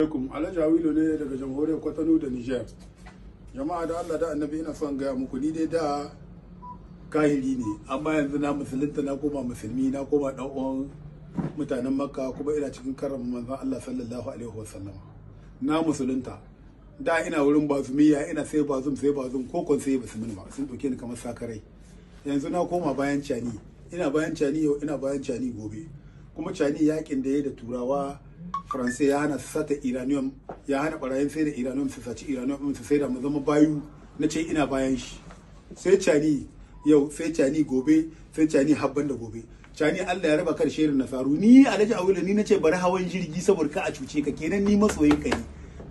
alaikum alhaji hawilu ne daga jamhuriyar kwatano da niger jama'a da allah da annabi ina son gaya muku ni dai da kahiri ne amma yanzu na musulunta na koma musulmi na koma dan mutanen makka kuma ina cikin karrama manzan allah sallallahu alaihi wasallam na musulunta da ina wurin bazumiya ina sai bazum sai bazum ko kon sai basu ba sun ɗauke ni kamar sakarai yanzu na koma bayan cani ina bayan cani yau ina bayan cani gobe kuma cani yakin da ya da turawa faransa ya hana sata iranium ya hana barayin sai da iranium su saci iranium su sai da mu zama bayu na ce ina bayan shi sai cani yau sai cani gobe sai cani habban da gobe cani Allah ya raba kan shirin nasaru ni alhaji awila ni nace bari hawan jirgi saboda ka a cuce ka kenan ni masoyin ka ne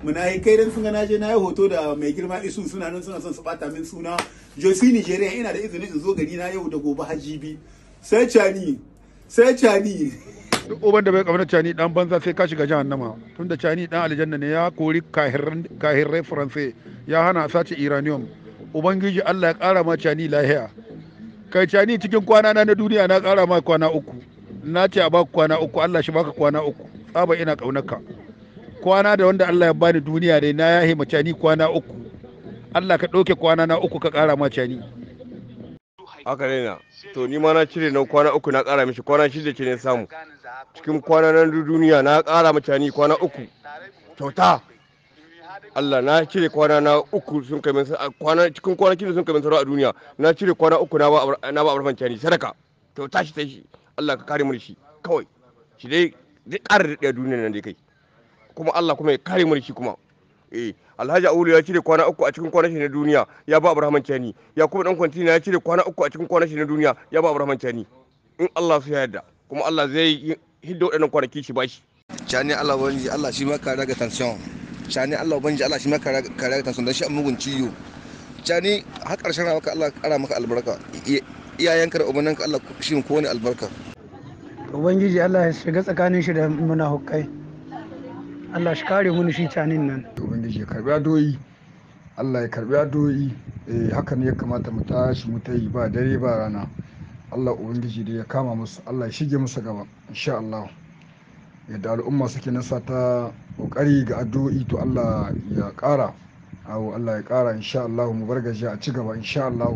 muna yi kai dan sun ga naje na yi hoto da mai girma isu suna nan suna son su bata min suna Josi Nigeria ina da izinin in zo gari na yau da gobe hajibi sai cani sai cani duk uban da bai kamar cani dan banza sai ka shiga jahannama tunda cani dan aljanna ne ya kori kahirrai faransai ya hana a sace iranium ubangiji allah ya kara ma cani lahiya kai cani cikin kwana na na duniya na kara ma kwana uku na ce a baku kwana uku allah shi baka kwana uku tsaba ina kaunaka kwana da wanda allah ya bani duniya ne na yahe ma cani kwana uku allah ka ɗauke kwana na uku ka kara ma cani aka daina to ni ma na cire na kwana uku na ƙara mishi kwana shida ce ne samu cikin kwana nan duniya na ƙara mutane kwana uku kyauta Allah na cire kwana na uku sun kai min kwana cikin kwana kida sun kai min sarau a duniya na cire kwana uku na ba na ba arfan cani sadaka to tashi tashi Allah ka kare mu shi kawai shi dai dai ƙara da duniya nan dai kai kuma Allah kuma ya kare mu shi kuma eh alhaji aulu ya cire kwana uku a cikin kwana shi na duniya ya ba abraham cani ya kuma dan kwantina ya cire kwana uku a cikin kwana shi na duniya ya ba abraham cani in allah su yarda kuma allah zai hidda waɗannan kwanaki shi bashi cani allah ubangiji allah shi ma kare ga tension cani allah ubangiji allah shi ma kare ga tension dan shi mugun ciwo shani har karshen ka allah kara maka albarka iyayenka da ubannanka allah shi ko ne albarka ubangiji allah ya shiga tsakanin shi da hukai Allah shi kare mu shi canin nan ubangiji ya karbi adoyi Allah ya karbi adoyi eh haka ne ya kamata mu tashi mu ta yi ba dare ba rana Allah ubangiji da ya kama musu Allah ya shige musu gaba insha Allah yadda al'umma suke nasa ta kokari ga addu'o'i to Allah ya kara awo Allah ya kara insha Allah mu bargaje a ci gaba insha Allah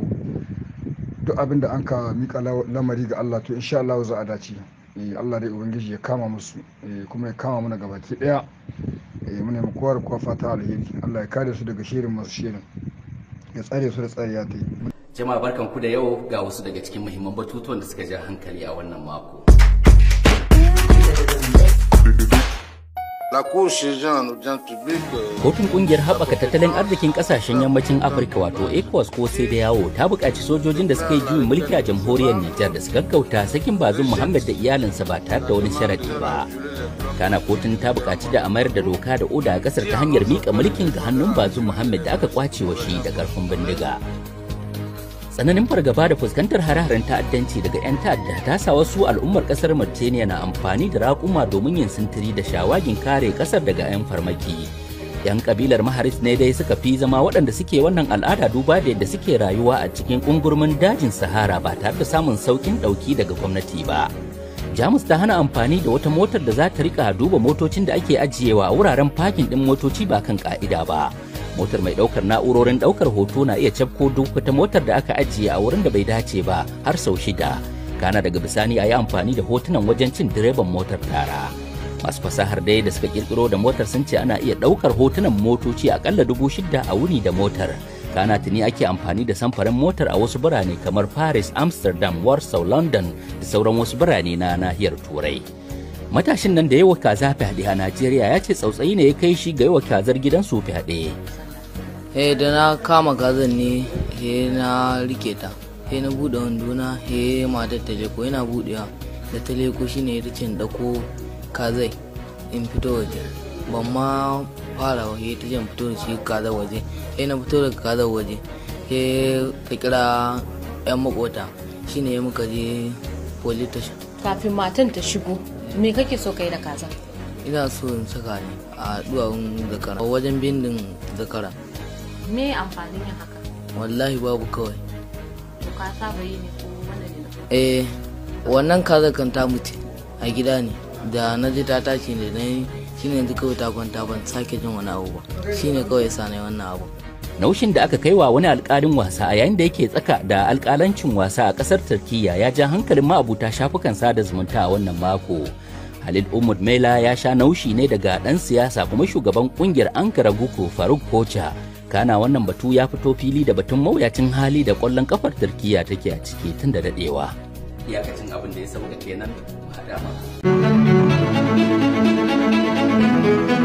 duk abin da an ka mika lamari ga Allah to insha Allah za a dace eh, Allah dai ubangiji ya kama musu eh, kuma ya kama mana gabaki daya eh muna mana makowar kowa fata alheri Allah ya kare su daga shirin masu shirin ya tsare su da tsariya ta yi jama'a barkan ku da yau ga wasu daga cikin muhimman batutuwan da suka ja hankali a wannan mako euh, Kotun kungiyar haɓaka tattalin arzikin ƙasashen yammacin Afirka wato ECOWAS ko sai da yawo ta buƙaci sojojin da suka yi juyin mulki a jamhuriyar Nijar da su gaggauta sakin bazin Muhammad da iyalinsa ba tare da wani sharadi ba. kana kotun ta bukaci da amayar da doka da oda a kasar ta hanyar miƙa mulkin ga hannun bazu muhammad da aka kwace wa shi da ƙarfin bindiga tsananin fargaba da fuskantar hare-haren ta'addanci daga 'yan ta'adda ta sa wasu al'ummar kasar Mauritania na amfani da raƙuma domin yin sintiri da shawagin kare kasar daga 'yan farmaki. 'Yan kabilar Maharis ne dai suka fi zama waɗanda suke wannan al'ada duba da yadda suke rayuwa a cikin ƙungurmin dajin Sahara ba tare da samun sauƙin ɗauki daga gwamnati ba. jamus ta hana amfani da wata motar da za ta rika duba motocin da ake ajiyewa a wuraren pakin ɗin motoci ba kan ka'ida ba motar mai ɗaukar na'urorin ɗaukar hoto na iya cafko duk wata motar da aka ajiye a wurin da bai dace ba har sau shida kana daga bisani a yi amfani da hotunan wajen cin direban motar tara masu fasahar dai da suka kirkiro da motar sun ce ana iya ɗaukar hotunan motoci akalla dubu shida a wuni da motar kana tuni ake amfani da samfarin motar a wasu birane kamar paris amsterdam warsaw london da sauran wasu birane na nahiyar turai matashin nan da yawa kaza fyaɗe a najeriya ya ce tsautsayi ne ya kai shi ga yawa kazar gidan su fyaɗe eh da na kama kazan ne he na rike ta he na buɗe wanduna he matar ta je yana buɗewa da ta leko shine ya ce in kazai in fito waje ban ma fara waje ta jan fito da shi kaza waje sai na fito da kaza waje sai ta kira yan makota shine ya muka je police station kafin matan ta shigo me kake so kai da kaza ina so in saka ne a duwawun zakara wajen bindin zakara me amfanin yin haka wallahi babu kawai to ka saba yi ne ko wannan ne eh wannan kaza kan ta mutu a gida ne da na ji ta tashi ne na shine yanzu kawai ta kwanta ban sake jin wani abu ba shine kawai ya sa wannan abu naushin da aka kai wa wani alƙalin wasa a yayin da yake tsaka da alƙalancin wasa a ƙasar turkiya ya ja hankalin ma'abuta shafukan sada zumunta a wannan mako halil umar mela ya sha naushi ne daga ɗan siyasa kuma shugaban ƙungiyar ankara guku faruk kocha kana wannan batu ya fito fili da batun mawuyacin hali da ƙwallon kafar turkiya take a ciki tun da daɗewa iyakacin abin da ya sauka kenan ba dama